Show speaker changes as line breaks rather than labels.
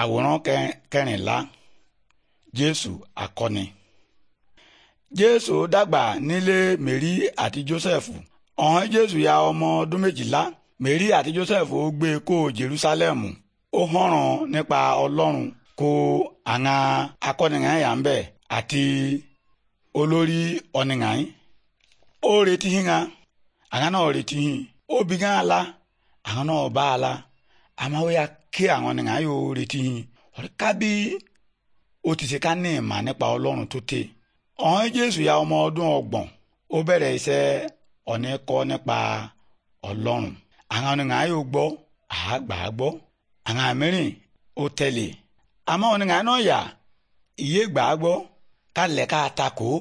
àwòrán kẹrìnlá jésù akọni jésù dàgbà nílé mary àti joseph ọ̀hún jésù ya ọmọ ọdún méjìlá mary àti joseph ó gbé e kó jerusalemu ó hànràn nípa ọlọ́run kó àwọn akọ́nìyàn yà ń bẹ̀ àti olórí ọ̀nìyàn ó retí yín kan àwọn náà retí yín ó bí gán ala àwọn náà bá ala. amewo ya ke àwọn nìkan yóò retí yín ọ̀rẹ́ kábí ó ti ṣe ká ní ìmọ̀ nípa ọlọ́run tó tè ọ̀hún jésù ya ọmọ ọdún ọgbọ̀n ó bẹ̀rẹ̀ iṣẹ́ ọ̀nà ẹ̀kọ́ nípa ọlọ́run àwọn nìkan yóò gbọ́ àgbà gbọ́ àwọn mìíràn ó tẹ̀lé àmọ́ nìkan náà yà ìyé gbà gbọ́ kálẹ̀ ká takò
ó